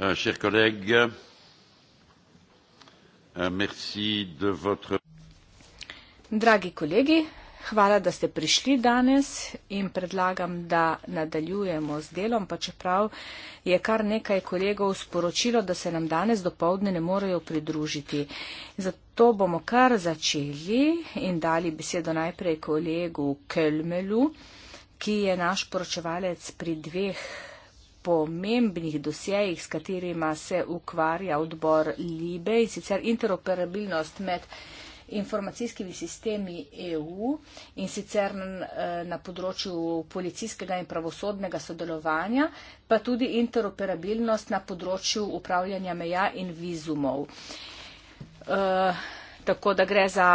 Euh, chers collègues euh, merci de votre Dragi kolegi, hvala, da ste prišli danes in predlagam, da nadaljujemo s delom, pa čeprav je kar nekaj kolegov sporočilo, da se nam danes do povdne ne morejo pridružiti. Zato bomo kar začeli in dali besedo najprej kolegu Kelmelu, ki je naš poročevalec pri dveh pomembnih dosjejih, s katerima se ukvarja odbor Libe in sicer interoperabilnost med informacijskimi sistemi EU in sicer eh, na področju policijskega in pravosodnega sodelovanja, pa tudi interoperabilnost na področju upravljanja meja in vizumov. Eh, tako da gre za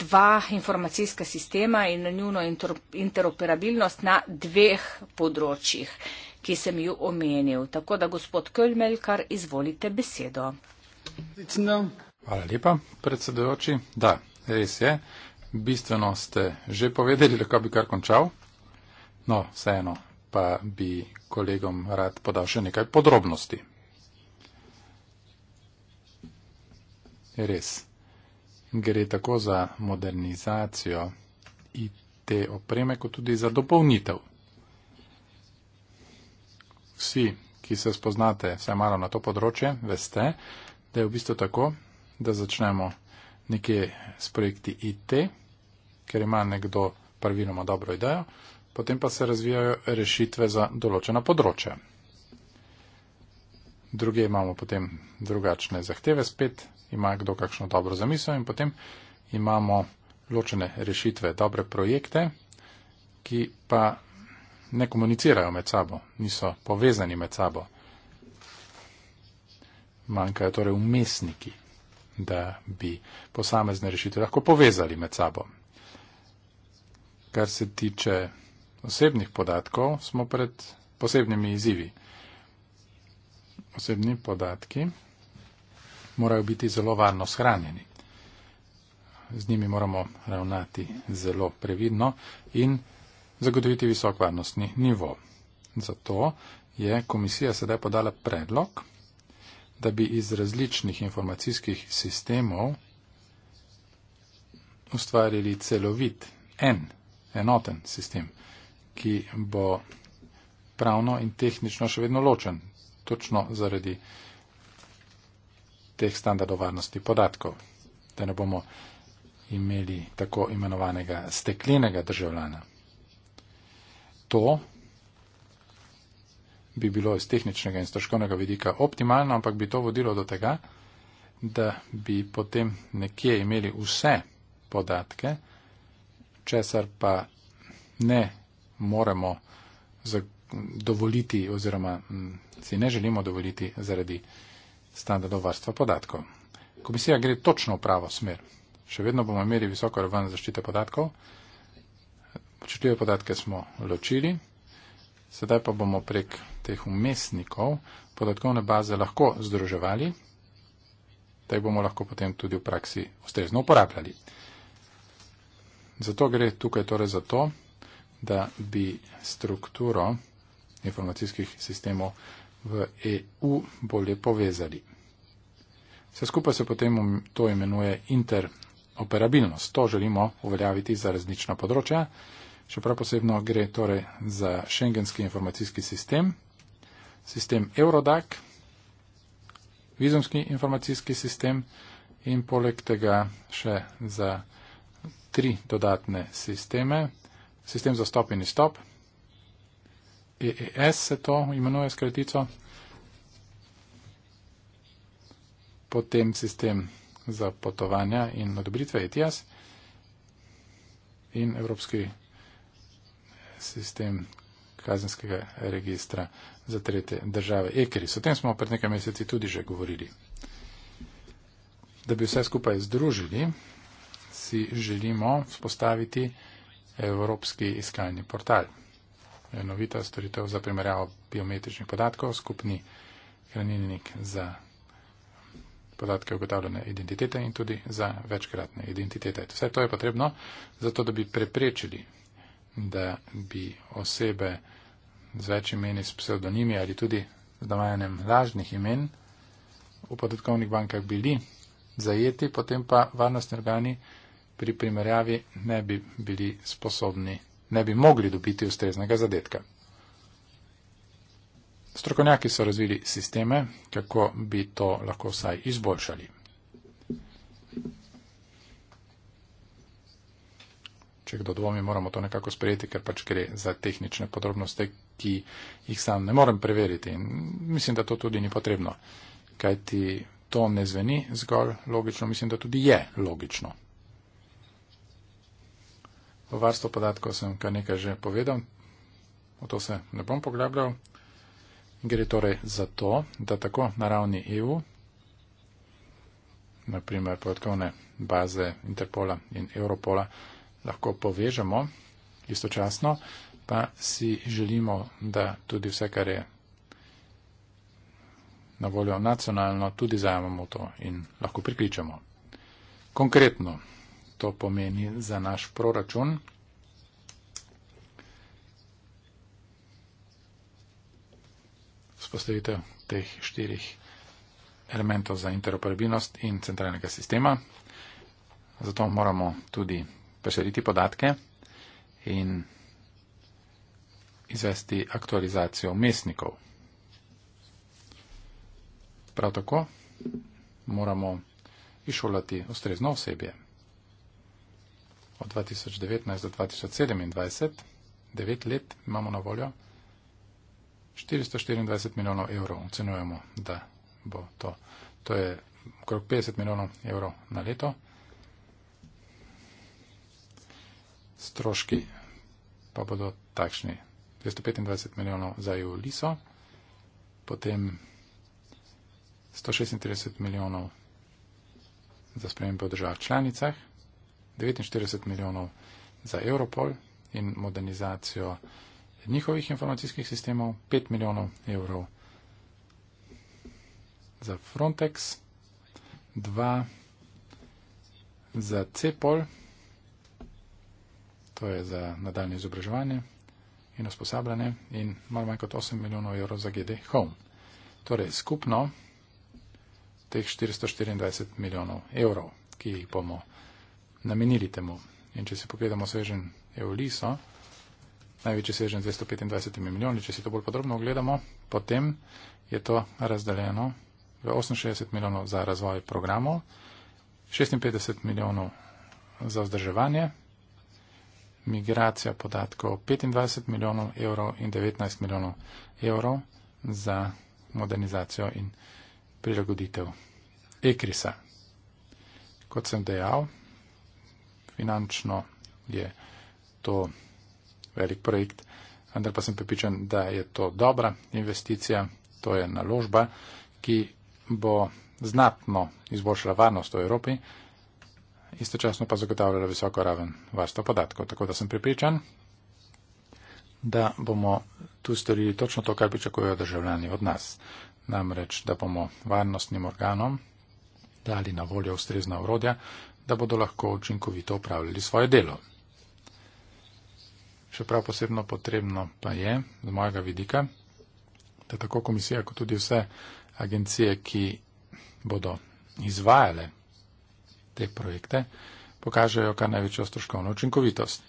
dva informacijska sistema in na njuno interoperabilnost na dveh področjih ki sem ju omenil. Tako da, gospod Kölmel, kar izvolite besedo. Hvala lepa, predsedojoči. Da, res je. Bistveno ste že povedali, da bi kar končal. No, vseeno pa bi kolegom rad podal še nekaj podrobnosti. Res. Gre tako za modernizacijo IT opreme, kot tudi za dopolnitev vsi, ki se spoznate vse malo na to področje, veste, da je v bistvu tako, da začnemo nekje s projekti IT, ker ima nekdo prvinoma dobro idejo, potem pa se razvijajo rešitve za določena področja. Druge imamo potem drugačne zahteve spet, ima kdo kakšno dobro zamisel in potem imamo ločene rešitve, dobre projekte, ki pa ne komunicirajo med sabo, niso povezani med sabo. Manjkajo torej umestniki, da bi posamezne rešitve lahko povezali med sabo. Kar se tiče osebnih podatkov, smo pred posebnimi izzivi. Osebni podatki morajo biti zelo varno shranjeni. Z njimi moramo ravnati zelo previdno in zagotoviti visok varnostni nivo. Zato je komisija sedaj podala predlog, da bi iz različnih informacijskih sistemov ustvarili celovit, en, enoten sistem, ki bo pravno in tehnično še vedno ločen, točno zaradi teh standardov varnosti podatkov, da ne bomo imeli tako imenovanega steklenega državljana to bi bilo iz tehničnega in stroškovnega vidika optimalno, ampak bi to vodilo do tega, da bi potem nekje imeli vse podatke, česar pa ne moremo dovoliti oziroma mm, si ne želimo dovoliti zaradi standardov varstva podatkov. Komisija gre točno v pravo smer. Še vedno bomo imeli visoko raven zaščite podatkov občutljive podatke smo ločili. Sedaj pa bomo prek teh umestnikov podatkovne baze lahko združevali, da jih bomo lahko potem tudi v praksi ustrezno uporabljali. Zato gre tukaj torej za to, da bi strukturo informacijskih sistemov v EU bolje povezali. Vse skupaj se potem um, to imenuje interoperabilnost. To želimo uveljaviti za različna področja. Še prav posebno gre torej za šengenski informacijski sistem, sistem Eurodac, vizumski informacijski sistem in poleg tega še za tri dodatne sisteme, sistem za stop in izstop, EES se to imenuje skratico, potem sistem za potovanja in odobritve ETIAS in Evropski sistem kazenskega registra za tretje države. Ekeris, o tem smo pred nekaj meseci tudi že govorili. Da bi vse skupaj združili, si želimo spostaviti Evropski iskalni portal. Enovita storitev za primerjavo biometričnih podatkov, skupni hranilnik za podatke ugotavljene identitete in tudi za večkratne identitete. Vse to je potrebno, zato da bi preprečili da bi osebe z več imeni, s pseudonimi ali tudi z dovajanjem lažnih imen v podatkovnih bankah bili zajeti, potem pa varnostni organi pri primerjavi ne bi bili sposobni, ne bi mogli dobiti ustreznega zadetka. Strokovnjaki so razvili sisteme, kako bi to lahko vsaj izboljšali. če kdo dvomi, moramo to nekako sprejeti, ker pač gre za tehnične podrobnosti, ki jih sam ne morem preveriti. In mislim, da to tudi ni potrebno, kajti to ne zveni zgolj logično, mislim, da tudi je logično. O varstvu podatkov sem kar nekaj že povedal, o to se ne bom poglabljal. Gre torej za to, da tako na ravni EU, naprimer podatkovne baze Interpola in Europola, lahko povežemo istočasno, pa si želimo, da tudi vse, kar je na voljo nacionalno, tudi zajamemo to in lahko prikličemo. Konkretno to pomeni za naš proračun. Vzpostavitev teh štirih elementov za interoperabilnost in centralnega sistema. Zato moramo tudi razširiti podatke in izvesti aktualizacijo mestnikov. Prav tako moramo išolati ustrezno osebje. Od 2019 do 2027, 9 let imamo na voljo, 424 milijonov evrov ocenujemo, da bo to. To je okrog 50 milijonov evrov na leto. stroški pa bodo takšni. 225 milijonov za Euliso, potem 136 milijonov za spremembe v državah članicah, 49 milijonov za Europol in modernizacijo njihovih informacijskih sistemov, 5 milijonov evrov za Frontex, 2 za CEPOL, to je za nadaljne izobraževanje in usposabljanje, in malo manj kot 8 milijonov evrov za GD Home. Torej skupno teh 424 milijonov evrov, ki jih bomo namenili temu. In če si pogledamo svežen EOLISO, največji svežen z 225 milijoni, če si to bolj podrobno ogledamo, potem je to razdeljeno v 68 milijonov za razvoj programov, 56 milijonov za vzdrževanje, migracija podatkov 25 milijonov evrov in 19 milijonov evrov za modernizacijo in prilagoditev ekrisa. Kot sem dejal, finančno je to velik projekt, vendar pa sem pripričan, da je to dobra investicija, to je naložba, ki bo znatno izboljšala varnost v Evropi istočasno pa zagotavljala visoko raven varstva podatkov. Tako da sem pripričan, da bomo tu storili točno to, kar pričakujejo državljani od nas. Namreč, da bomo varnostnim organom dali na voljo ustrezna urodja, da bodo lahko učinkovito upravljali svoje delo. Še prav posebno potrebno pa je, z mojega vidika, da tako komisija, kot tudi vse agencije, ki bodo izvajale te projekte, pokažejo kar največjo stroškovno učinkovitost.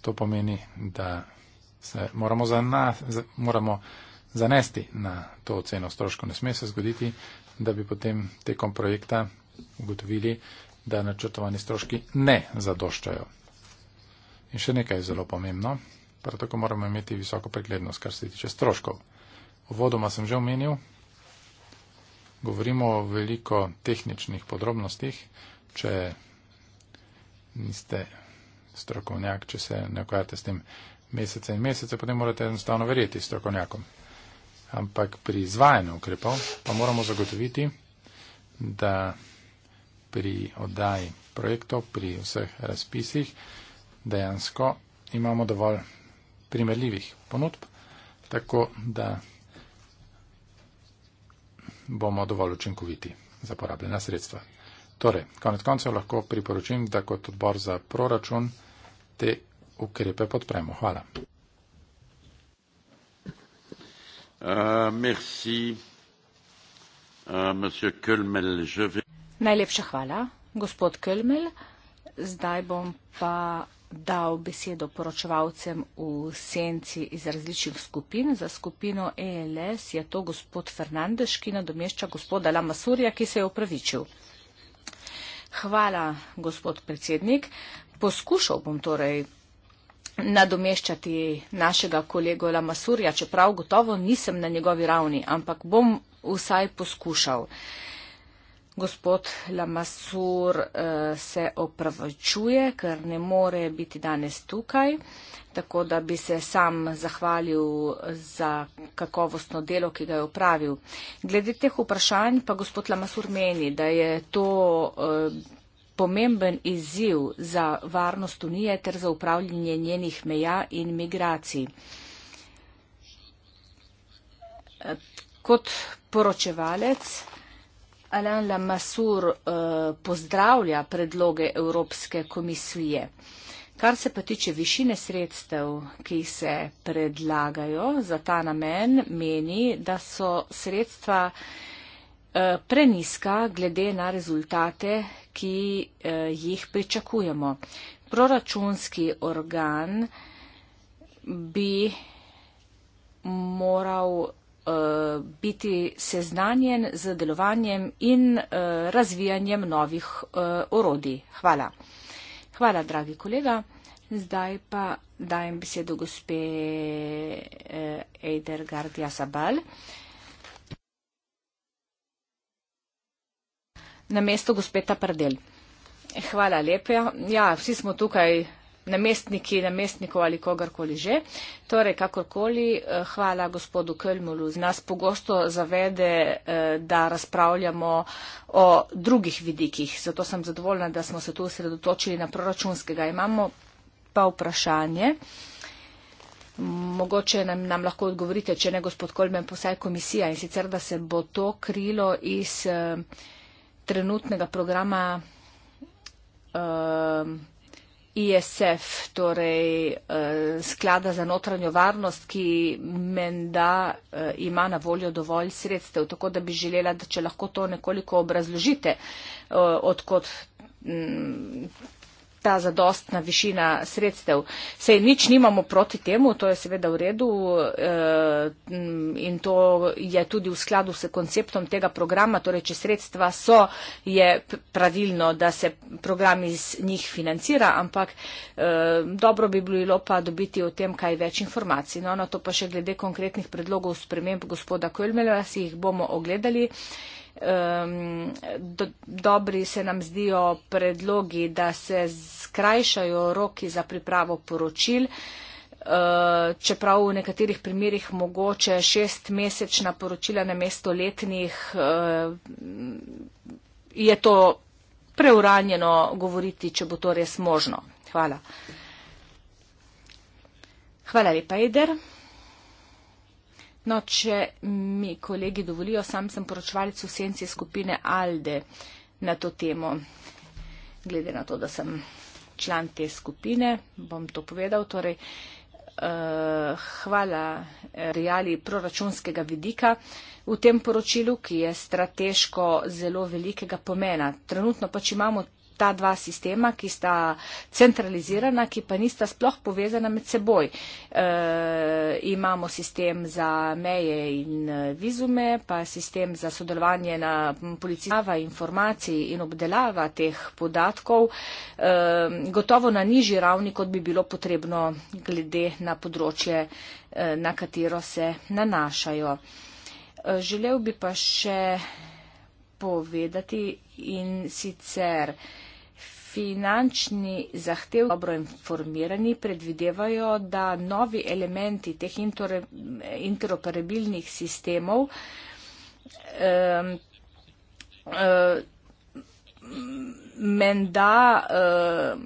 To pomeni, da se moramo, zana, moramo zanesti na to oceno stroškov. Ne sme se zgoditi, da bi potem tekom projekta ugotovili, da načrtovani stroški ne zadoščajo. In še nekaj je zelo pomembno. Prav tako moramo imeti visoko preglednost, kar se tiče stroškov. Uvodoma sem že omenil, Govorimo o veliko tehničnih podrobnostih. Če niste strokovnjak, če se ne ukvarjate s tem mesece in mesece, potem morate enostavno verjeti strokovnjakom. Ampak pri izvajanju ukrepov pa moramo zagotoviti, da pri oddaji projektov, pri vseh razpisih dejansko imamo dovolj primerljivih ponudb, tako da bomo dovolj učinkoviti za porabljena sredstva. Torej, konec koncev lahko priporočim, da kot odbor za proračun te ukrepe podpremo. Hvala. Euh, euh, Najlepša hvala, gospod Kölmel. Zdaj bom pa dal besedo poročevalcem v senci iz različnih skupin. Za skupino ELS je to gospod Fernandeš, ki nadomešča gospoda Lamasurja, ki se je opravičil. Hvala, gospod predsednik. Poskušal bom torej nadomeščati našega kolego Lamasurja, čeprav gotovo nisem na njegovi ravni, ampak bom vsaj poskušal. Uh, Gospod Lamasur eh, se opravičuje, ker ne more biti danes tukaj, tako da bi se sam zahvalil za kakovostno delo, ki ga je upravil. Glede teh vprašanj pa gospod Lamasur meni, da je to eh, pomemben izziv za varnost Unije ter za upravljanje njenih meja in migracij. Eh, kot poročevalec. Alain Lamassur uh, eh, pozdravlja predloge Evropske komisije. Kar se pa tiče višine sredstev, ki se predlagajo za ta namen, meni, da so sredstva eh, preniska glede na rezultate, ki eh, jih pričakujemo. Proračunski organ bi moral uh, biti seznanjen z delovanjem in uh, razvijanjem novih uh, orodij. Hvala. Hvala, dragi kolega. Zdaj pa dajem besedo gospe uh, Eider Gardia Sabal. Na mesto gospeta Pardel. Hvala lepa. Ja, vsi smo tukaj namestniki, namestnikov ali kogarkoli že. Torej, kakorkoli, eh, hvala gospodu Kölmulu. Nas pogosto zavede, eh, da razpravljamo o drugih vidikih. Zato sem zadovoljna, da smo se tu osredotočili na proračunskega. Imamo pa vprašanje. Mogoče nam, nam lahko odgovorite, če ne gospod Kolmen, posaj komisija in sicer, da se bo to krilo iz eh, trenutnega programa ISF, torej eh, sklada za notranjo varnost, ki menda eh, ima na voljo dovolj sredstev. Tako da bi želela, da če lahko to nekoliko obrazložite, eh, odkot. Hm, mm, ta zadostna višina sredstev. Sej nič nimamo proti temu, to je seveda v redu eh, in to je tudi v skladu s konceptom tega programa, torej če sredstva so, je pravilno, da se program iz njih financira, ampak eh, dobro bi bilo pa dobiti o tem kaj več informacij. No, na to pa še glede konkretnih predlogov sprememb gospoda Kölmela si jih bomo ogledali um, do, dobri se nam zdijo predlogi, da se skrajšajo roki za pripravo poročil. Uh, čeprav v nekaterih primerjih mogoče šest mesečna poročila na mesto letnih, uh, je to preuranjeno govoriti, če bo to res možno. Hvala. Hvala lepa, Eder. No, če mi kolegi dovolijo, sam sem poročevalec v senci skupine Alde na to temo. Glede na to, da sem član te skupine, bom to povedal. Torej, eh, hvala reali proračunskega vidika v tem poročilu, ki je strateško zelo velikega pomena. Trenutno pač imamo ta dva sistema, ki sta centralizirana, ki pa nista sploh povezana med seboj. E, imamo sistem za meje in e, vizume, pa sistem za sodelovanje na policijava informacij in obdelava teh podatkov, e, gotovo na nižji ravni, kot bi bilo potrebno glede na področje, e, na katero se nanašajo. E, želel bi pa še povedati in sicer, finančni zahtev dobro informirani, predvidevajo, da novi elementi teh inter, interoperabilnih sistemov um, um, menda um,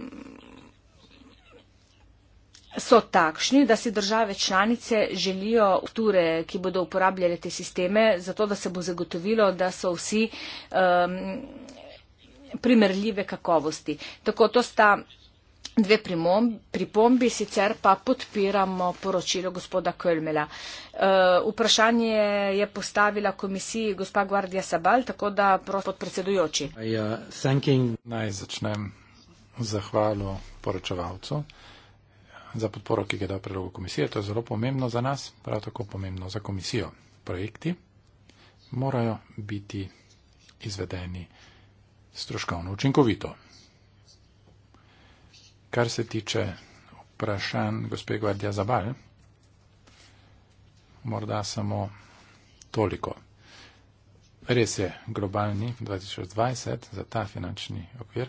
so takšni, da si države članice želijo strukture, ki bodo uporabljale te sisteme, zato da se bo zagotovilo, da so vsi um, primerljive kakovosti. Tako to sta dve pripombi, sicer pa podpiramo poročilo gospoda Kölmela. Eh, vprašanje je postavila komisiji gospa Guardia Sabal, tako da prosim podpredsedujoči. Uh, Naj začnem zahvalo poročevalcu za podporo, ki ga da predlogu komisije. To je zelo pomembno za nas, prav tako pomembno za komisijo. Projekti morajo biti izvedeni stroškovno učinkovito. Kar se tiče vprašanj gospe Gvardija Zabal, morda samo toliko. Res je, globalni 2020 za ta finančni okvir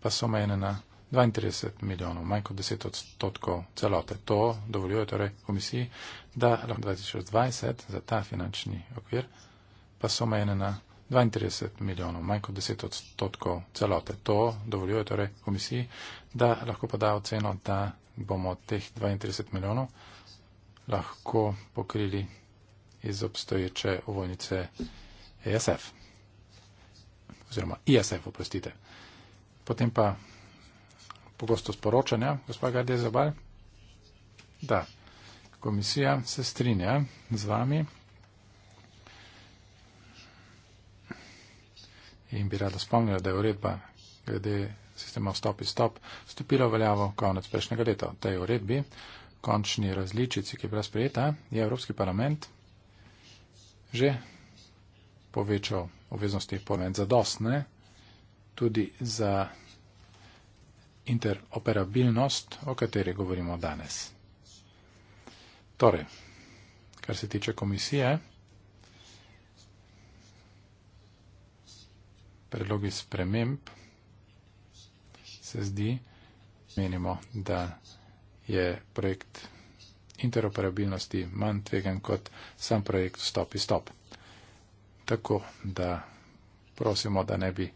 pa so omejene na 32 milijonov, manj kot 10 odstotkov celote. To dovoljuje torej komisiji, da lahko 2020 za ta finančni okvir pa so omejene na 32 milijonov, manj kot 10 odstotkov celote. To dovoljuje torej komisiji, da lahko poda oceno, da bomo teh 32 milijonov lahko pokrili iz obstoječe uvojnice ESF. Oziroma ISF, oprostite. Potem pa pogosto sporočanja, gospod Gardezobal, da komisija se strinja z vami, in bi rada spomnila, da je uredba glede sistema vstop in stop stopila v veljavo konec prejšnjega leta. V tej uredbi, končni različici, ki je bila sprejeta, je Evropski parlament že povečal obveznosti parlament za dostne, tudi za interoperabilnost, o kateri govorimo danes. Torej, kar se tiče komisije, predlogi sprememb se zdi, menimo, da je projekt interoperabilnosti manj tvegan kot sam projekt stop in stop. Tako da prosimo, da ne bi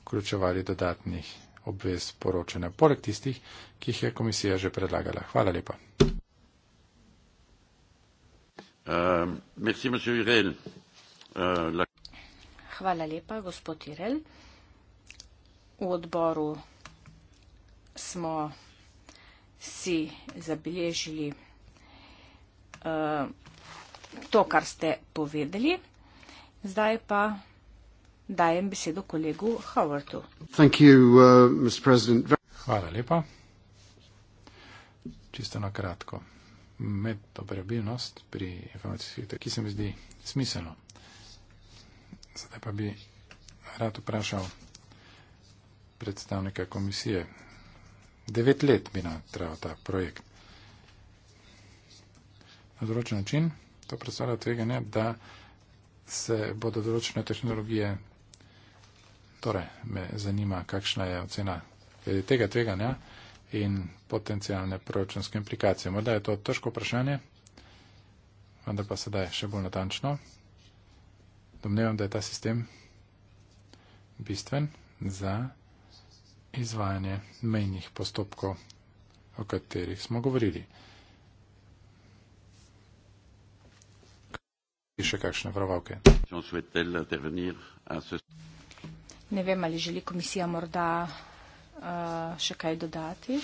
vključevali dodatnih obvez poročanja, poleg tistih, ki jih je komisija že predlagala. Hvala lepa. Uh, merci, Hvala lepa, gospod Irel. V odboru smo si zabeležili uh, to, kar ste povedali. Zdaj pa dajem besedo kolegu Howardu. You, uh, Hvala lepa. Čisto na kratko. Med operabilnost pri informacijskih tehnologijah, ki se mi zdi smiselno, Zdaj pa bi rad vprašal predstavnika komisije. Devet let bi nam trebalo ta projekt. Na določen način to predstavlja tveganje, da se bodo določene tehnologije. Torej, me zanima, kakšna je ocena glede tega tveganja in potencijalne proračunske implikacije. Morda je to težko vprašanje, vendar pa sedaj še bolj natančno domnevam, da je ta sistem bistven za izvajanje mejnih postopkov, o katerih smo govorili. In še kakšne vravavke. Ne vem, ali želi komisija morda uh, še kaj dodati.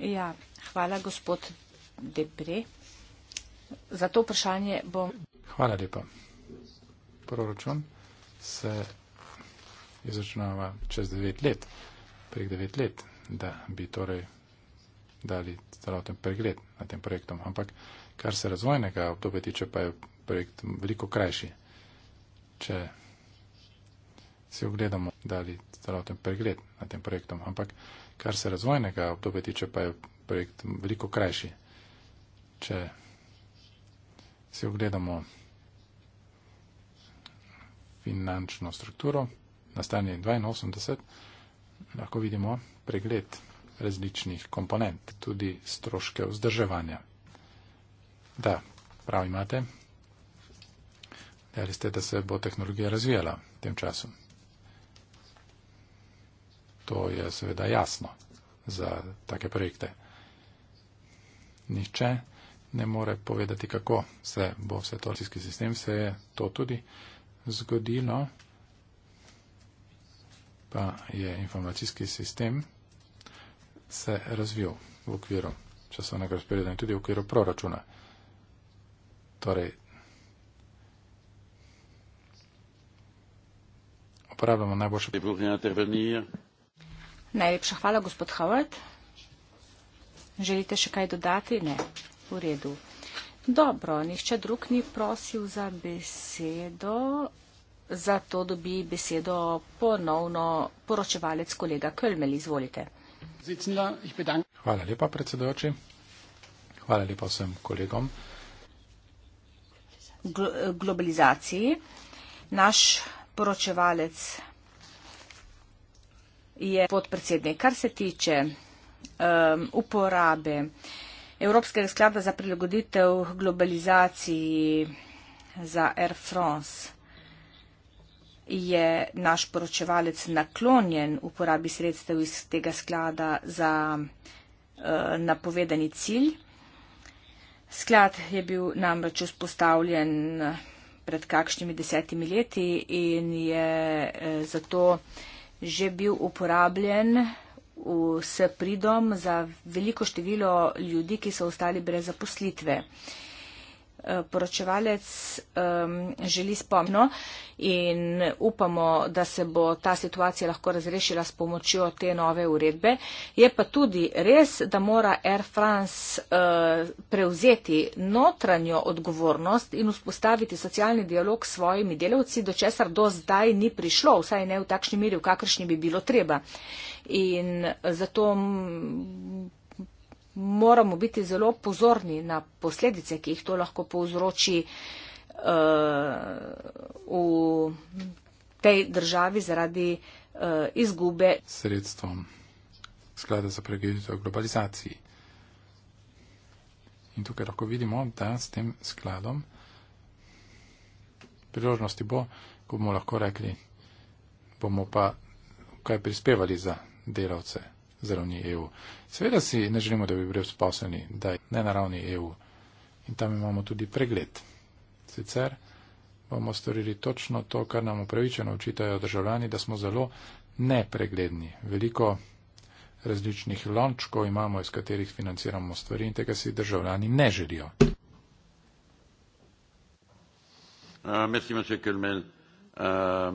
Ja, hvala, gospod Depre. Za to vprašanje bom. Hvala lepa proračun se izračunava čez 9 let, prek 9 let, da bi torej dali celoten pregled na tem projektom. Ampak kar se razvojnega obdobja tiče, pa je projekt veliko krajši. Če si ogledamo, dali celoten pregled na tem projektom. Ampak kar se razvojnega obdobja tiče, pa je projekt veliko krajši. Če si ogledamo, finančno strukturo na strani 82 lahko vidimo pregled različnih komponent, tudi stroške vzdrževanja. Da, prav imate. Dali ste, da se bo tehnologija razvijala v tem času. To je seveda jasno za take projekte. Nihče ne more povedati, kako se bo vse to, sistem se je to tudi zgodilo, pa je informacijski sistem se razvil v okviru časovnega razpreda in tudi v okviru proračuna. Torej, uporabljamo najboljše. Najlepša hvala, gospod Howard. Želite še kaj dodati? Ne. V redu. Dobro, nišče drug ni prosil za besedo, zato dobi besedo ponovno poročevalec kolega Kölmel. Izvolite. Hvala lepa, predsedujoči. Hvala lepa vsem kolegom. Glo globalizaciji. Naš poročevalec je podpredsednik. Kar se tiče um, uporabe uh, Evropskega sklada za prilagoditev globalizaciji za Air France je naš poročevalec naklonjen uporabi sredstev iz tega sklada za uh, napovedani cilj. Sklad je bil namreč vzpostavljen pred kakšnimi desetimi leti in je uh, zato že bil uporabljen s pridom za veliko število ljudi, ki so ostali brez zaposlitve. Eh, poročevalec um, želi spomno in upamo, da se bo ta situacija lahko razrešila s pomočjo te nove uredbe. Je pa tudi res, da mora Air France uh, prevzeti notranjo odgovornost in vzpostaviti socialni dialog s svojimi delavci, do česar do zdaj ni prišlo, vsaj ne v takšni meri, v kakršni bi bilo treba. In zato moramo biti zelo pozorni na posledice, ki jih to lahko povzroči uh, v tej državi zaradi uh, izgube sredstvom sklada za pregreditev globalizaciji. In tukaj lahko vidimo, da s tem skladom priložnosti bo, ko bomo lahko rekli, bomo pa kaj prispevali za delavce za ravni EU. Seveda si ne želimo, da bi bili sposobni, da je ne na ravni EU. In tam imamo tudi pregled. Sicer bomo storili točno to, kar nam upravičeno očitajo državljani, da smo zelo nepregledni. Veliko različnih lončkov imamo, iz katerih financiramo stvari in tega si državljani ne želijo. Ah, ah.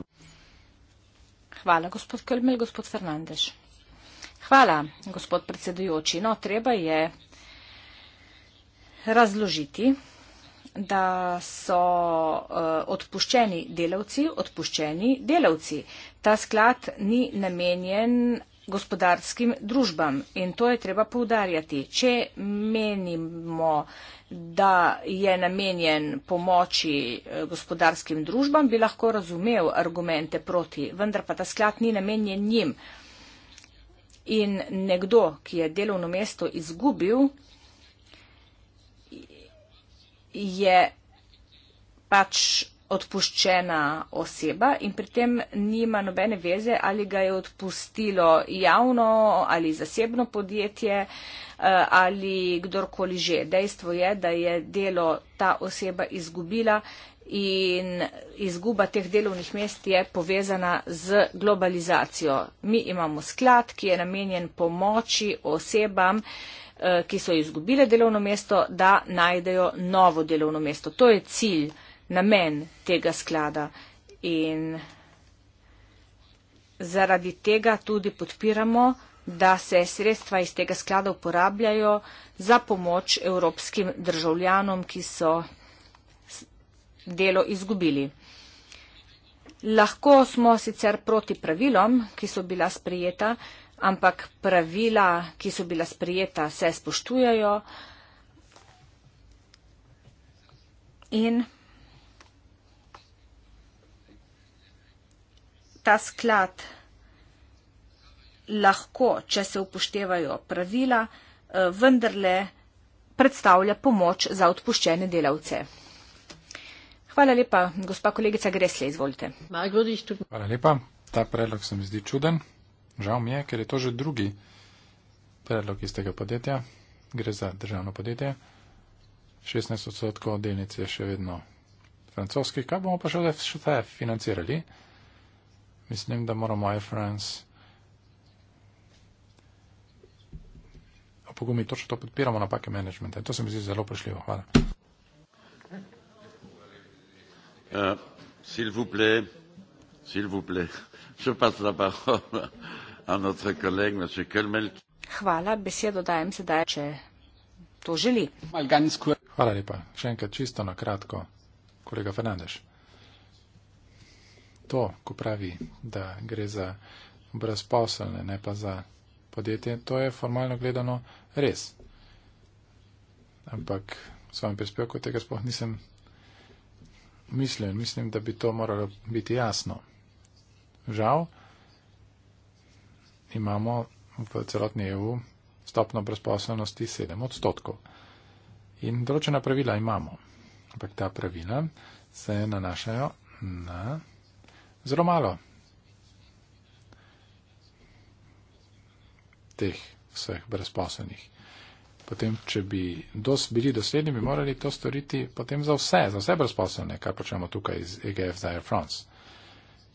Hvala, gospod Krmel, gospod Fernandez. Hvala, gospod predsedujoči. No, treba je razložiti, da so uh, odpuščeni delavci, odpuščeni delavci. Ta sklad ni namenjen gospodarskim družbam in to je treba poudarjati. Če menimo, da je namenjen pomoči eh, gospodarskim družbam, bi lahko razumel argumente proti, vendar pa ta sklad ni namenjen njim. Uh, In nekdo, ki je delovno mesto izgubil, je pač odpuščena oseba in pri tem nima nobene veze, ali ga je odpustilo javno ali zasebno podjetje eh, ali kdorkoli že. Dejstvo je, da je delo ta oseba izgubila in izguba teh delovnih mest je povezana z globalizacijo. Mi imamo sklad, ki je namenjen pomoči osebam, eh, ki so izgubile delovno mesto, da najdejo novo delovno mesto. To je cilj, namen tega sklada. In zaradi tega tudi podpiramo, da se sredstva iz tega sklada uporabljajo za pomoč evropskim državljanom, ki so delo izgubili. Lahko smo sicer proti pravilom, ki so bila sprijeta, ampak pravila, ki so bila sprijeta, se spoštujajo in ta sklad lahko, če se upoštevajo pravila, eh, vendarle predstavlja pomoč za odpuščene delavce. Hvala lepa, gospa kolegica Gresle, izvolite. Hvala lepa. Ta predlog se mi zdi čuden. Žal mi je, ker je to že drugi predlog iz tega podjetja. Gre za državno podjetje. 16 odstotkov delnic je še vedno francoskih. Kaj bomo pa še vse financirali? Mislim, da moramo Air France opogumiti. Točno to podpiramo napake menedžmenta. To se mi zdi zelo prišljivo. Hvala. Euh, s'il vous plaît, s'il vous plaît, je passe la parole à notre collègue, M. Kölmel. Hvala, besedo dajem sedaj, če to želi. Hvala lepa. Še enkrat čisto na kratko, kolega Fernandeš. To, ko pravi, da gre za brezposelne, ne pa za podjetje, to je formalno gledano res. Ampak v svojem prispevku tega sploh nisem mislim, mislim, da bi to moralo biti jasno. Žal imamo v celotni EU stopno brezposobnosti 7 odstotkov. In določena pravila imamo. Ampak ta pravila se nanašajo na zelo malo teh vseh brezposobnih potem če bi dos, bili dosledni, bi morali to storiti potem za vse, za vse brezposobne, kar počnemo tukaj iz EGF za Air France.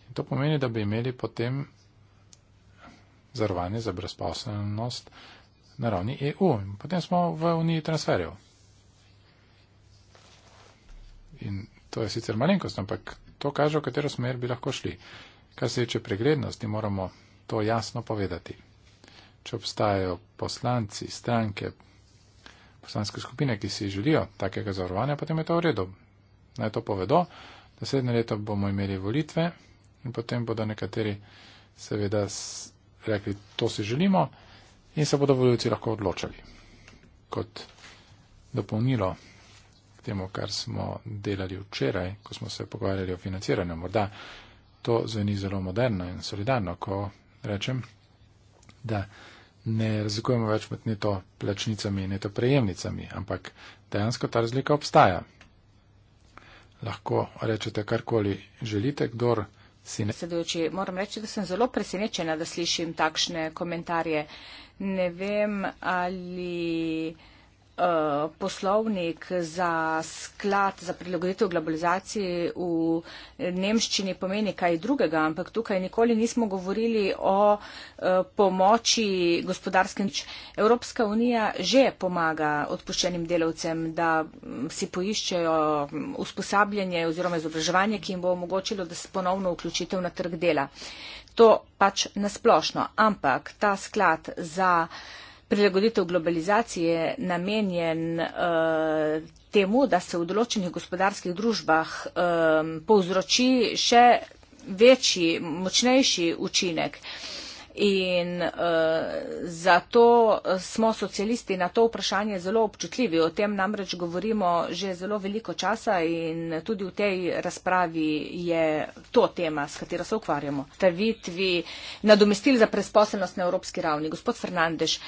In to pomeni, da bi imeli potem zarovanje za brezposobnost na ravni EU. In potem smo v Uniji transferjev. In to je sicer malenkost, ampak to kaže, v katero smer bi lahko šli. Kar se tiče preglednosti, moramo to jasno povedati. Če obstajajo poslanci, stranke, poslanske skupine, ki si želijo takega zavarovanja, potem je to v redu. Naj to povedo, naslednje leto bomo imeli volitve in potem bodo nekateri seveda rekli, to si želimo in se bodo voljivci lahko odločali. Kot dopolnilo k temu, kar smo delali včeraj, ko smo se pogovarjali o financiranju, morda to zveni zelo moderno in solidarno, ko rečem, da ne razlikujemo več med neto plačnicami in neto prejemnicami, ampak dejansko ta razlika obstaja. Lahko rečete karkoli želite, kdor si ne. Sedujoči, moram reči, da sem zelo presenečena, da slišim takšne komentarje. Ne vem, ali. Eh, poslovnik za sklad za prilagoditev globalizaciji v Nemščini pomeni kaj drugega, ampak tukaj nikoli nismo govorili o eh, pomoči gospodarskim. Evropska unija že pomaga odpuščenim delovcem, da mm, si poiščejo mm, usposabljanje oziroma izobraževanje, ki jim bo omogočilo, da se ponovno vključitev na trg dela. To pač nasplošno, ampak ta sklad za prilagoditev globalizacije namenjen eh, temu, da se v določenih gospodarskih družbah eh, povzroči še večji, močnejši učinek. In uh, zato smo socialisti na to vprašanje zelo občutljivi. O tem namreč govorimo že zelo veliko časa in tudi v tej razpravi je to tema, s katero se ukvarjamo. Trvitvi nadomestil za presposobnost na evropski ravni. Gospod Fernandeš,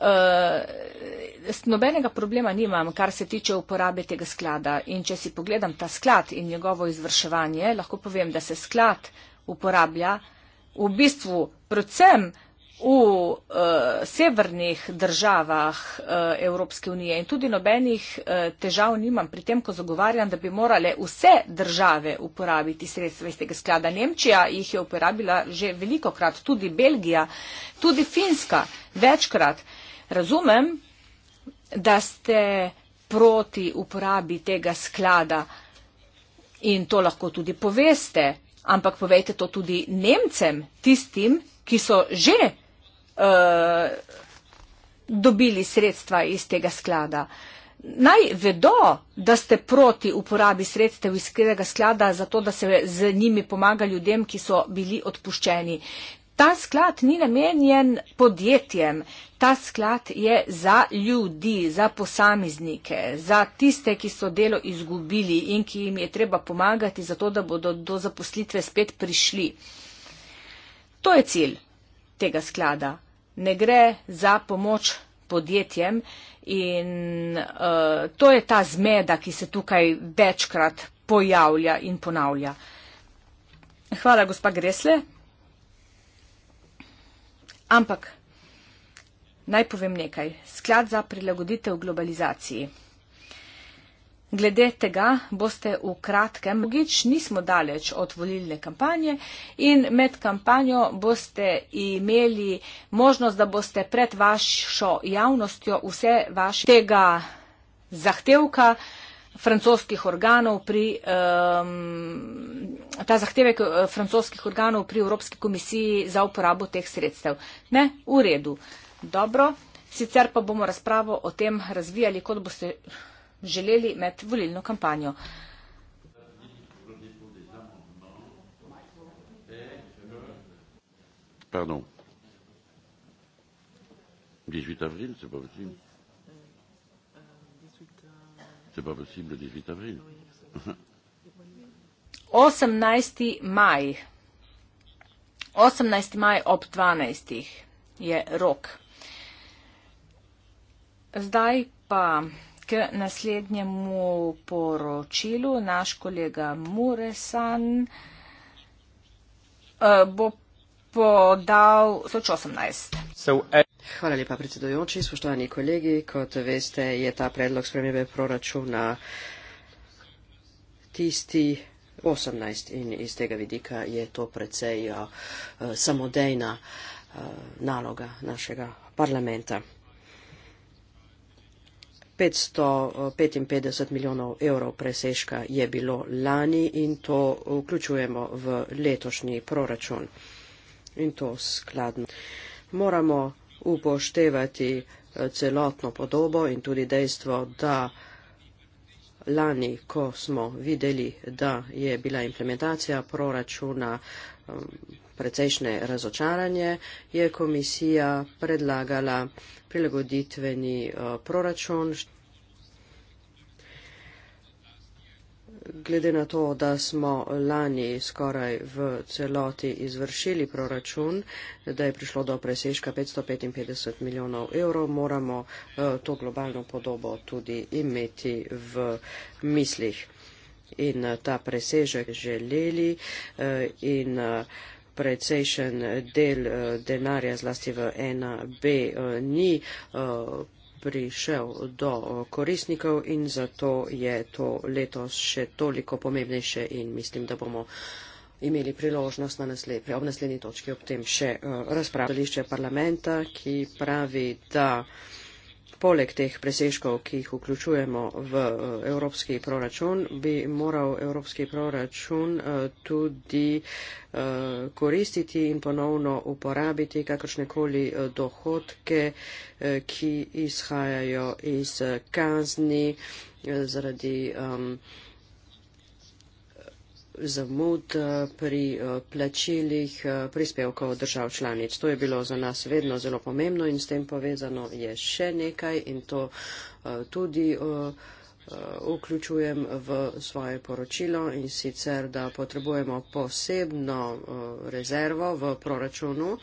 uh, eh, nobenega problema nimam, kar se tiče uporabe tega sklada. In če si pogledam ta sklad in njegovo izvrševanje, lahko povem, da se sklad uporablja v bistvu predvsem v uh, severnih državah uh, Evropske unije in tudi nobenih uh, težav nimam pri tem, ko zagovarjam, da bi morale vse države uporabiti sredstva iz tega sklada. Nemčija jih je uporabila že veliko krat, tudi Belgija, tudi Finska večkrat. Razumem, da ste proti uporabi tega sklada in to lahko tudi poveste, ampak povejte to tudi Nemcem, tistim, ki so že uh, dobili sredstva iz tega sklada. Naj vedo, da ste proti uporabi sredstev iz tega sklada, zato da se z njimi pomaga ljudem, ki so bili odpuščeni. Ta sklad ni namenjen podjetjem, ta sklad je za ljudi, za posameznike, za tiste, ki so delo izgubili in ki jim je treba pomagati, zato da bodo do zaposlitve spet prišli. To je cilj tega sklada. Ne gre za pomoč podjetjem in uh, to je ta zmeda, ki se tukaj večkrat pojavlja in ponavlja. Hvala, gospa Gresle. Ampak naj povem nekaj. Sklad za prilagoditev globalizaciji. Glede tega boste v kratkem, logič, nismo daleč od volilne kampanje in med kampanjo boste imeli možnost, da boste pred vašo javnostjo vse vaše tega zahtevka francoskih organov pri, um, ta zahtevek eh, francoskih organov pri Evropski komisiji za uporabo teh sredstev. Ne, v redu. Dobro, sicer pa bomo razpravo o tem razvijali, kot boste želeli med volilno kampanjo. Pardon. 18 avril, c'est pas possible. C'est pas possible le 18 avril. 18. maj. 18. maj ob 12. je rok. Zdaj pa k naslednjemu poročilu naš kolega Muresan eh, bo podal 118. So, uh... Hvala lepa, predsedujoči. Spoštovani kolegi, kot veste, je ta predlog spremembe proračuna tisti 18 in iz tega vidika je to precej uh, samodejna uh, naloga našega parlamenta. 555 eh, milijonov evrov preseška je bilo lani in to vključujemo v letošnji proračun. In to skladno. Moramo upoštevati eh, celotno podobo in tudi dejstvo, da lani, ko smo videli, da je bila implementacija proračuna precejšnje razočaranje, je komisija predlagala prilagoditveni eh, proračun glede na to, da smo lani skoraj v celoti izvršili proračun, da je prišlo do presežka 555 milijonov evrov, moramo eh, to globalno podobo tudi imeti v mislih. In eh, ta presežek želeli eh, in precejšen del denarja zlasti v 1B ni prišel do koristnikov in zato je to letos še toliko pomembnejše in mislim, da bomo imeli priložnost na naslednji, ob naslednji točki ob tem še razpravljališče parlamenta, ki pravi, da Poleg teh presežkov, ki jih vključujemo v eh, evropski proračun, bi moral evropski proračun eh, tudi eh, koristiti in ponovno uporabiti kakršnekoli dohodke, ki izhajajo iz kazni zaradi. Um, zamud eh, pri eh, plačilih eh, prispevkov držav članic. To je bilo za nas vedno zelo pomembno in s tem povezano je še nekaj in to tudi vključujem v svoje poročilo in sicer, da potrebujemo posebno rezervo v proračunu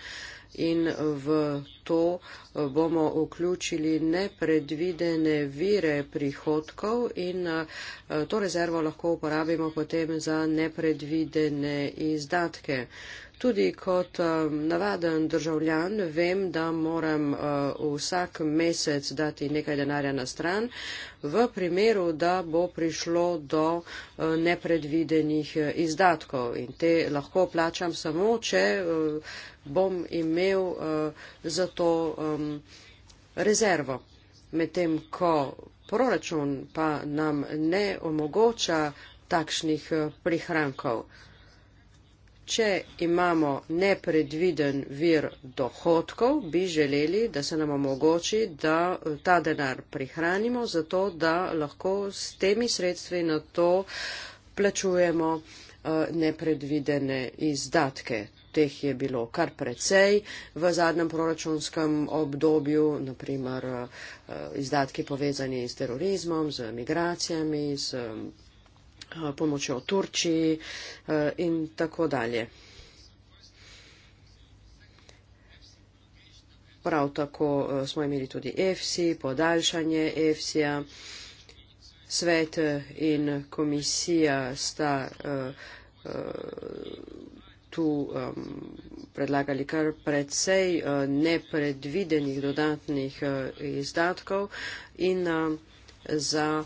in v to eh, bomo vključili nepredvidene vire prihodkov in eh, to rezervo lahko uporabimo potem za nepredvidene izdatke. Tudi kot um, navaden državljan vem, da moram uh, vsak mesec dati nekaj denarja na stran, v primeru, da bo prišlo do uh, nepredvidenih uh, izdatkov. In te lahko plačam samo, če uh, bom imel uh, za to um, rezervo. Medtem ko proračun pa nam ne omogoča takšnih uh, prihrankov. Če imamo nepredviden vir dohodkov, bi želeli, da se nam omogoči, da ta denar prihranimo, zato da lahko s temi sredstvi na to plačujemo eh, nepredvidene izdatke. Teh je bilo kar precej v zadnjem proračunskem obdobju, naprimer eh, izdatki povezani s terorizmom, z migracijami, s Eh, pomočjo Turčiji eh, in tako dalje. Prav tako eh, smo imeli tudi EFSI, podaljšanje EFSI-ja. Svet in komisija sta tu predlagali kar predsej nepredvidenih dodatnih izdatkov in za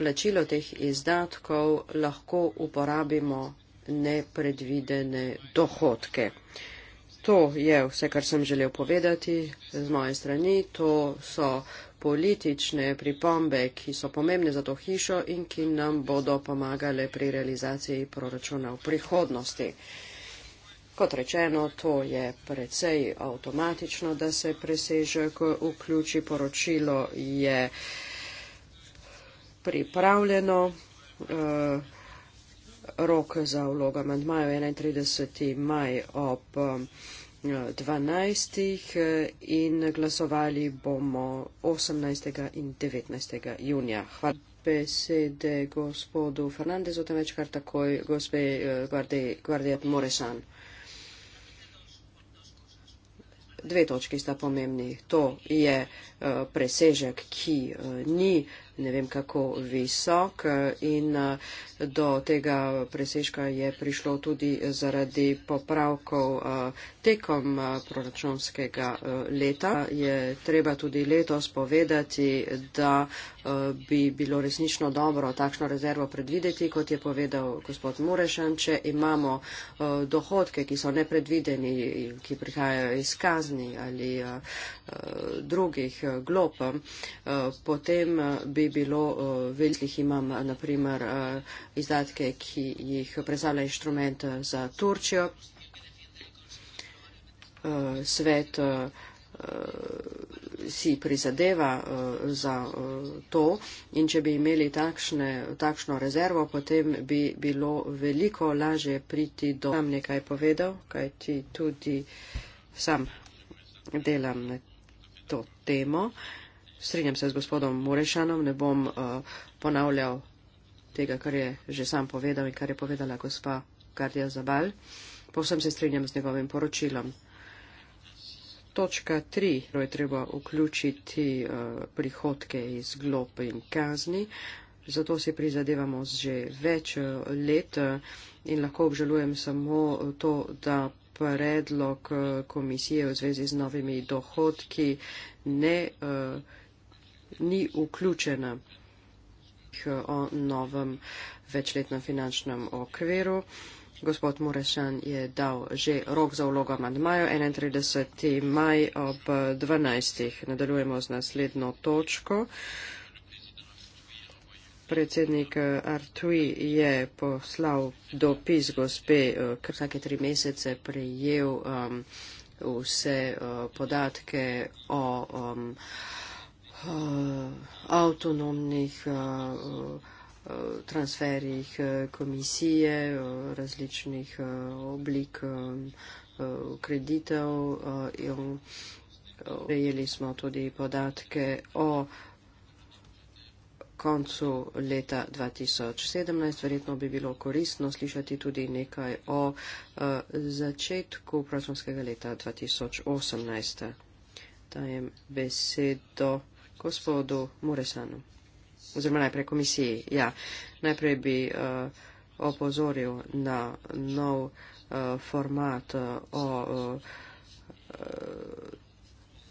plačilo teh izdatkov lahko uporabimo nepredvidene dohodke. To je vse, kar sem želel povedati z moje strani. To so politične pripombe, ki so pomembne za to hišo in ki nam bodo pomagale pri realizaciji proračuna v prihodnosti. Kot rečeno, to je precej avtomatično, da se presežek vključi poročilo je. Uh, pripravljeno. Eh, rok za vlogo amandmajo je 31. maj ob 12. Eh, eh, in glasovali bomo 18. in 19. junija. Hvala besede gospodu Fernandezu, temveč kar takoj gospe Guardiat Moresan. Dve točki sta pomembni. To je presežek, ki ni ne vem kako visok in do tega presežka je prišlo tudi zaradi popravkov tekom proračunskega leta. Je treba tudi letos povedati, da bi bilo resnično dobro takšno rezervo predvideti, kot je povedal gospod Murešan, če imamo dohodke, ki so nepredvideni, ki prihajajo iz kazni ali drugih glob, potem bi bilo uh, velikih, imam eh, naprimer uh, eh, izdatke, ki jih predstavlja inštrument za Turčjo. Uh, svet uh, si prizadeva uh, za uh, to in če bi imeli takšne, takšno rezervo, potem bi bilo veliko lažje priti do. Sam nekaj povedal, kaj ti tudi sam delam to temo. Uh, strinjam se z gospodom Murešanom, ne bom uh, ponavljal tega, kar je že sam povedal in kar je povedala gospa Gardija Zabal. Povsem se strinjam z njegovim poročilom. Točka tri, ko je treba vključiti uh, prihodke iz glob in kazni. Zato se prizadevamo že več eh, let in lahko obžalujem samo to, da predlog komisije v zvezi z novimi dohodki ne uh, ni vključena o novem večletnem finančnem okviru. Gospod Murešan je dal že rok za vlogo amandmajo 31. maj ob 12. Nadaljujemo z naslednjo točko. Predsednik eh, Artui je poslal dopis gospe, eh, ker vsake tri mesece prijel um, vse uh, podatke o um, avtonomnih transferjih komisije, različnih oblik kreditev. Prejeli smo tudi podatke o koncu leta 2017. Verjetno bi bilo koristno slišati tudi nekaj o eh, začetku proračunskega leta 2018. Dajem besedo gospodu Muresanu, oziroma najprej komisiji. Ja, najprej bi uh, opozoril na nov uh, format uh, o uh,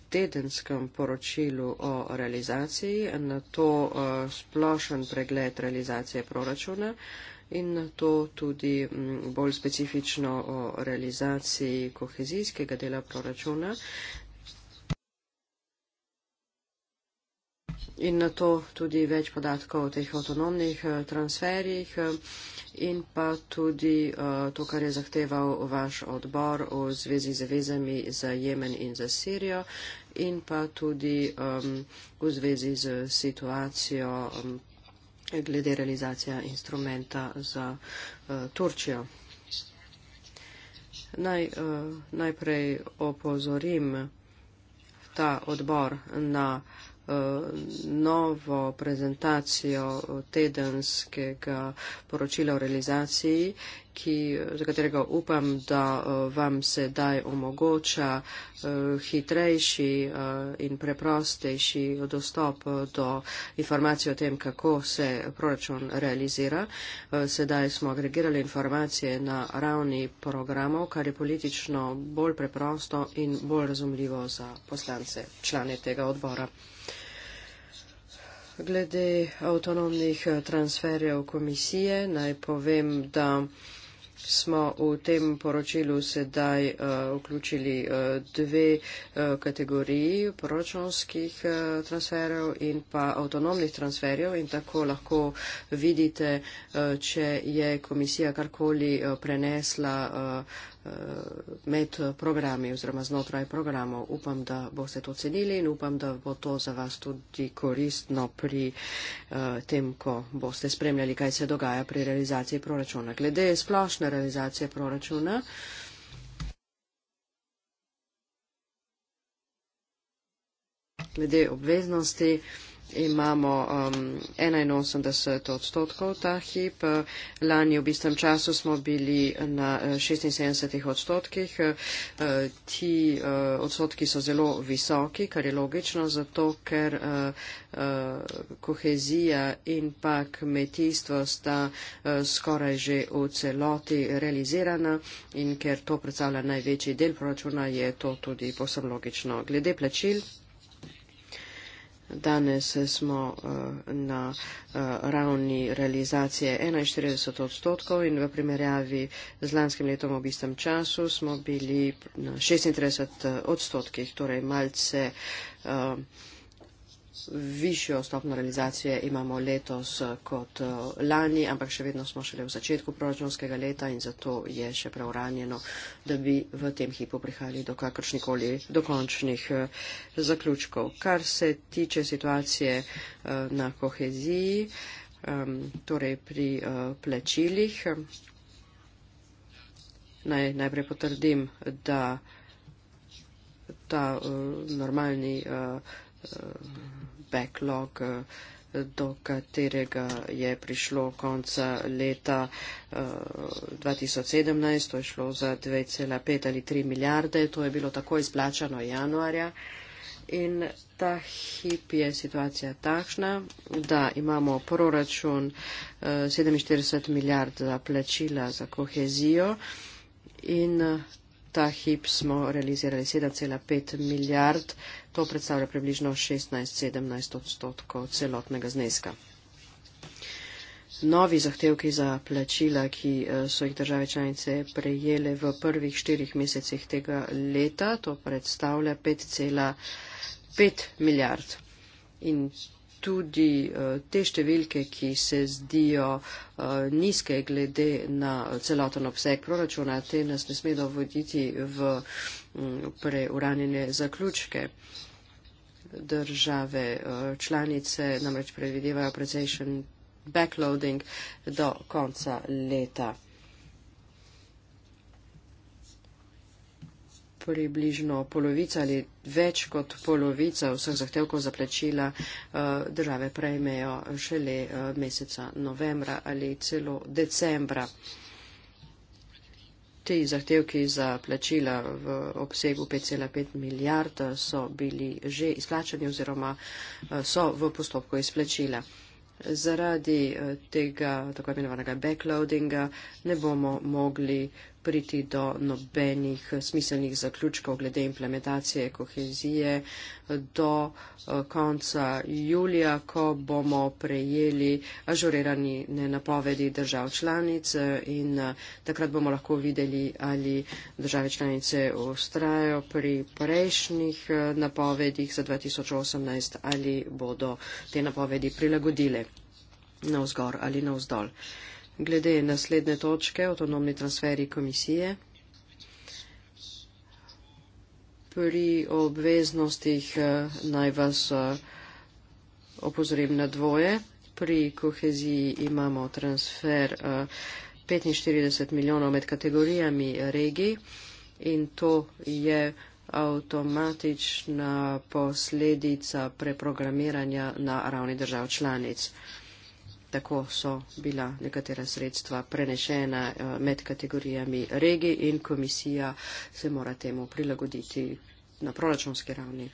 tedenskem poročilu o realizaciji, na to uh, splošen pregled realizacije proračuna in na to tudi m, mm, bolj specifično o realizaciji kohezijskega dela proračuna. in na to tudi več podatkov o teh avtonomnih eh, transferjih eh, in pa tudi eh, to, kar je zahteval vaš odbor v zvezi z vezami za Jemen in za Sirijo in pa tudi v zvezi z situacijo glede realizacija instrumenta za Turčijo. Naj, najprej opozorim ta odbor na novo prezentacijo tedenskega poročila o realizaciji ki, za katerega upam, da eh, vam sedaj omogoča eh, hitrejši eh, in preprostejši dostop do informacij o tem, kako se proračun realizira. Sedaj smo agregirali informacije na ravni programov, kar je politično bolj preprosto in bolj razumljivo za poslance, člane tega odbora. Glede avtonomnih transferjev komisije naj povem, da uh, smo v tem poročilu sedaj uh, vključili uh, dve uh, kategoriji proračunskih uh, transferjev in pa avtonomnih transferjev in tako lahko vidite, uh, če je komisija karkoli uh, prenesla uh, Eh, med programi oziroma znotraj programov. Upam, da boste to cenili in upam, da bo to za vas tudi koristno pri eh, tem, ko boste spremljali, kaj se dogaja pri realizaciji proračuna. Glede splošne realizacije proračuna. Glede obveznosti imamo um, 81 odstotkov ta hip. Lani v bistvem času smo bili na 76 eh, odstotkih. Eh, ti eh, odstotki so zelo visoki, kar je logično, zato ker uh, uh, kohezija in pa kmetijstvo sta uh, skoraj že v celoti realizirana in ker to predstavlja največji del proračuna, je to tudi posebno logično. Glede plačil. Danes smo eh, na eh, ravni realizacije 41 odstotkov in v primerjavi z lanskim letom ob istem času smo bili na 36 eh, odstotkih, torej malce Višjo stopno realizacije imamo letos eh, kot eh, lani, ampak še vedno smo šele v začetku proračunskega leta in zato je še preuranjeno, da bi v tem hipu prihali do kakršnikoli dokončnih eh, zaključkov. Kar se tiče situacije na koheziji, torej pri plačilih, naj, najprej potrdim, da ta normalni backlog, eh, do katerega je prišlo konca leta 2017. Eh, to je šlo za 2,5 ali 3 milijarde. To je bilo tako izplačano januarja. In ta hip je situacija takšna, da imamo proračun 47 eh, milijard za plačila za kohezijo in ta hip smo realizirali 7,5 milijard, to predstavlja približno 16-17 odstotkov celotnega zneska. Novi zahtevki za plačila, ki eh, so jih države članice prejele v prvih štirih mesecih tega leta, to predstavlja 5,5 milijard. In tudi eh, te številke, ki se zdijo eh, nizke glede na celoten obseg proračuna, te nas ne smedo voditi v mm, preuranjene zaključke. Države eh, članice namreč predvidevajo precejšen backloading do konca leta. približno polovica ali več kot polovica vseh zahtevkov za plačila eh, države prejmejo šele eh, meseca novembra ali celo decembra. Ti zahtevki za plačila v obsegu 5,5 milijard eh, so bili že izplačani oziroma so v postopku izplačila. Zaradi tega tako imenovanega backloadinga ne bomo mogli uh, priti do nobenih smiselnih zaključkov glede implementacije kohezije do eh, konca julija, ko bomo prejeli ažurirani napovedi držav članic eh, in eh, takrat bomo lahko videli, ali države članice ustrajajo pri prejšnjih napovedih za 2018 ali bodo te napovedi prilagodile na vzgor ali na vzdolj glede naslednje točke, avtonomni transferi komisije, pri obveznostih eh, naj vas eh, opozorim na dvoje. Pri koheziji imamo transfer 45 eh, milijonov med kategorijami regij in to je avtomatična posledica preprogramiranja na ravni držav članic tako so bila nekatera sredstva prenešena eh, med kategorijami regij in komisija se mora temu prilagoditi na proračunski ravni.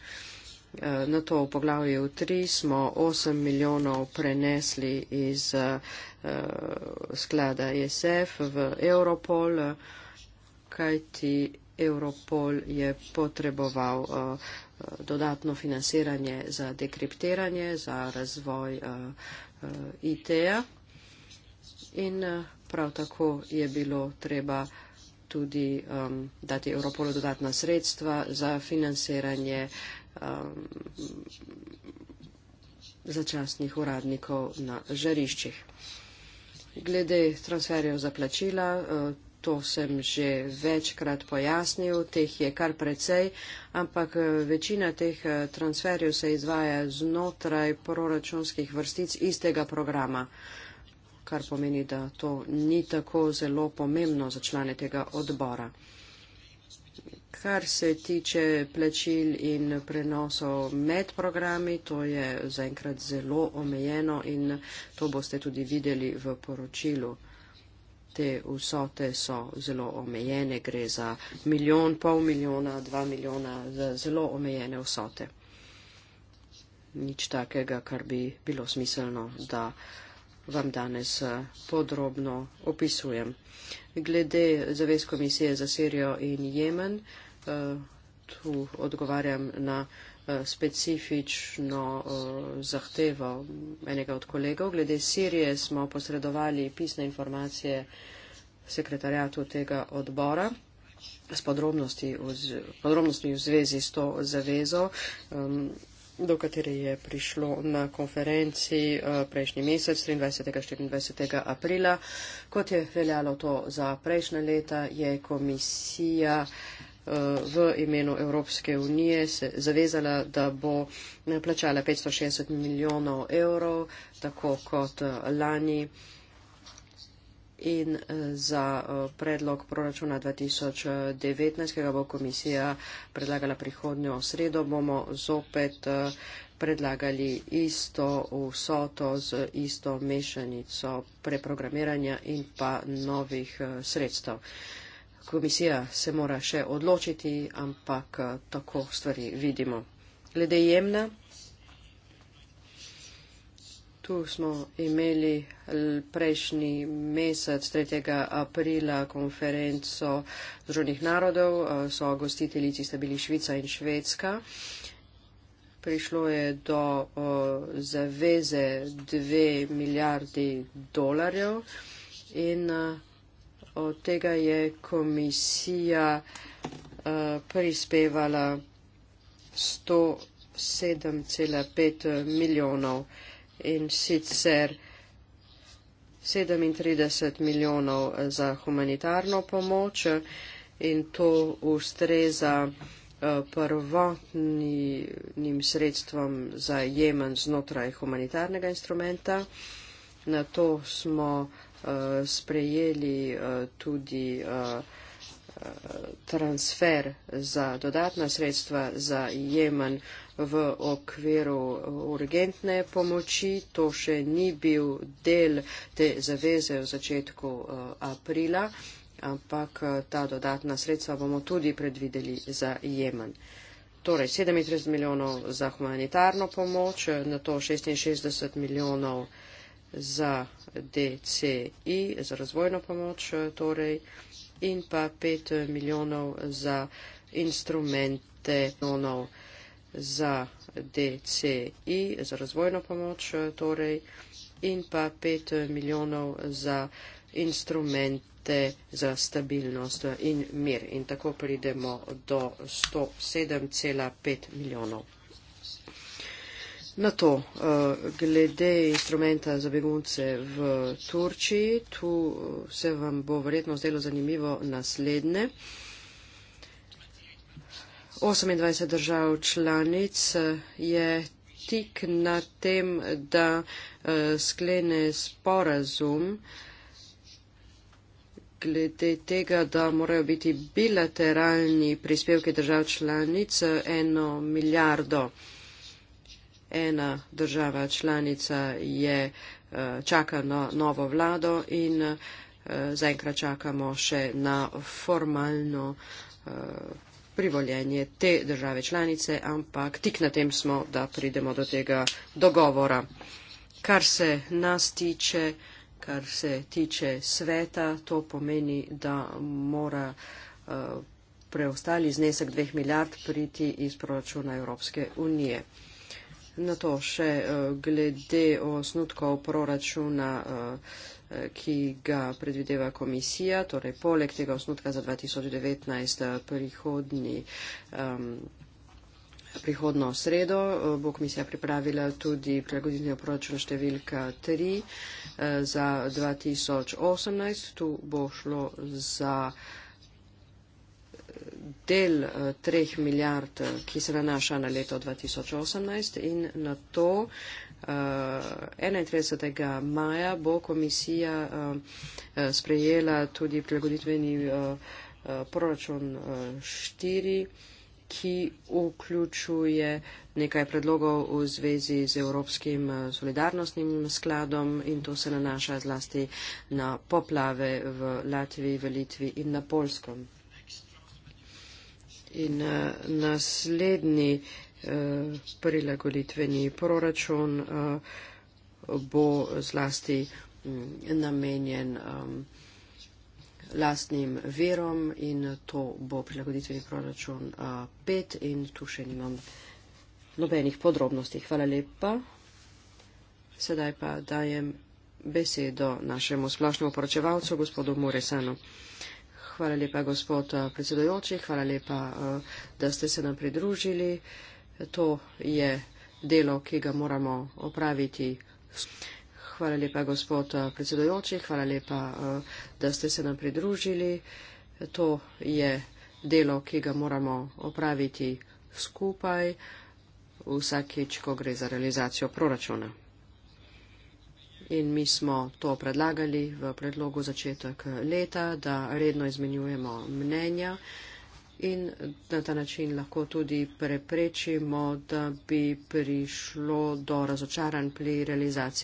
Eh, na to v poglavju 3 smo 8 milijonov prenesli iz eh, sklada ESF v Europol, kajti Europol je potreboval dodatno financiranje za dekriptiranje, za razvoj uh, eh, ITEA in uh, prav tako je bilo treba tudi um, dati Europolu dodatna sredstva za financiranje um, začasnih uradnikov na žariščih. Glede transferjev za plačila, uh, to sem že večkrat pojasnil, teh je kar precej, ampak eh, večina teh eh, transferjev se izvaja znotraj proračunskih vrstic istega programa, kar pomeni, da to ni tako zelo pomembno za člane tega odbora. Kar se tiče plačil in prenosov med programi, to je zaenkrat zelo omejeno in to boste tudi videli v poročilu te vsote so zelo omejene, gre za milijon, pol milijona, dva milijona, zelo omejene vsote. Nič takega, kar bi bilo smiselno, da vam danes eh, podrobno opisujem. Glede zavez komisije za Sirijo in Jemen, eh, tu odgovarjam na Eh, specifično eh, zahtevo enega od kolegov. Glede Sirije smo posredovali pisne informacije sekretarjatu tega odbora s podrobnosti v, podrobnosti v zvezi s to zavezo, do katere je prišlo na konferenci eh, prejšnji mesec, 23. 24. aprila. Kot je veljalo to za prejšnje leta, je komisija Eh, v imenu Evropske unije se zavezala, da bo eh, plačala 560 milijonov evrov, tako kot eh, lani in za predlog proračuna 2019, ki ga bo komisija predlagala prihodnjo sredo, bomo zopet predlagali isto vsoto z isto mešanico preprogramiranja in pa novih sredstev komisija se mora še odločiti, ampak eh, tako stvari vidimo. Glede jemna, tu smo imeli prejšnji mesec 3. aprila konferenco Združenih narodov, eh, so gostiteljici sta bili Švica in Švedska. Prišlo je do o, eh, zaveze 2 milijardi dolarjev in od tega je komisija uh, prispevala 107,5 milijonov in sicer 37 milijonov za humanitarno pomoč in to ustreza eh, prvotnim sredstvom za Jemen znotraj humanitarnega instrumenta. Na to smo uh, Eh, sprejeli eh, tudi eh, transfer za dodatna sredstva za Jemen v okviru urgentne pomoči. To še ni bil del te zaveze v začetku aprila, ampak ta dodatna sredstva bomo tudi predvideli za Jemen. Torej 37 milijonov za humanitarno pomoč, na to 66 milijonov za DCI, za razvojno pomoč torej, in pa 5 milijonov za instrumente milijonov za DCI, za razvojno pomoč torej, in pa 5 milijonov za instrumente za stabilnost in mir. In tako pridemo do 107,5 milijonov. Na to, eh, glede instrumenta za begunce v Turčiji, tu eh, se vam bo verjetno zdelo zanimivo naslednje. 28 držav članic eh, je tik na tem, da sklene sporazum glede tega, da morajo biti bilateralni prispevki držav članic eno milijardo ena država članica je eh, čaka na novo vlado in eh, zaenkrat čakamo še na formalno eh, privoljenje te države članice, ampak tik na tem smo, da pridemo do tega dogovora. Kar se nas tiče, kar se tiče sveta, to pomeni, da mora preostali znesek 2 milijard priti iz proračuna Evropske unije na to še eh, glede osnutkov proračuna, eh, ki ga predvideva komisija, torej poleg tega osnutka za 2019 eh, prihodni. Um, Prihodno sredo bo komisija pripravila tudi prilagoditev proračuna številka 3 za 2018. Tu bo šlo za del eh, treh milijard, eh, ki se nanaša na leto 2018 in na to 31. Eh, maja bo komisija sprejela tudi prilagoditveni proračun 4, ki vključuje nekaj predlogov v zvezi z Evropskim solidarnostnim skladom in to se nanaša zlasti na poplave v Latviji, v Litvi in na Polskem. In uh, naslednji uh, prilagolitveni proračun uh, bo zlasti mm, namenjen um, lastnim verom in to bo prilagoditveni proračun 5 uh, in tu še nimam nobenih podrobnosti. Hvala lepa. Sedaj pa dajem besedo našemu splošnemu poročevalcu, gospodu Muresanu. Uh, Hvala lepa, gospod eh, predsedojoči, hvala lepa, eh, da ste se nam pridružili. To je delo, ki ga moramo opraviti. Hvala lepa, gospod eh, predsedojoči, hvala lepa, da ste se nam pridružili. To je delo, ki ga moramo opraviti skupaj vsakič, ko gre za realizacijo proračuna. In mi smo to predlagali v predlogu začetek leta, da redno izmenjujemo mnenja in na ta način lahko tudi preprečimo, da bi prišlo do razočaran pri realizaciji.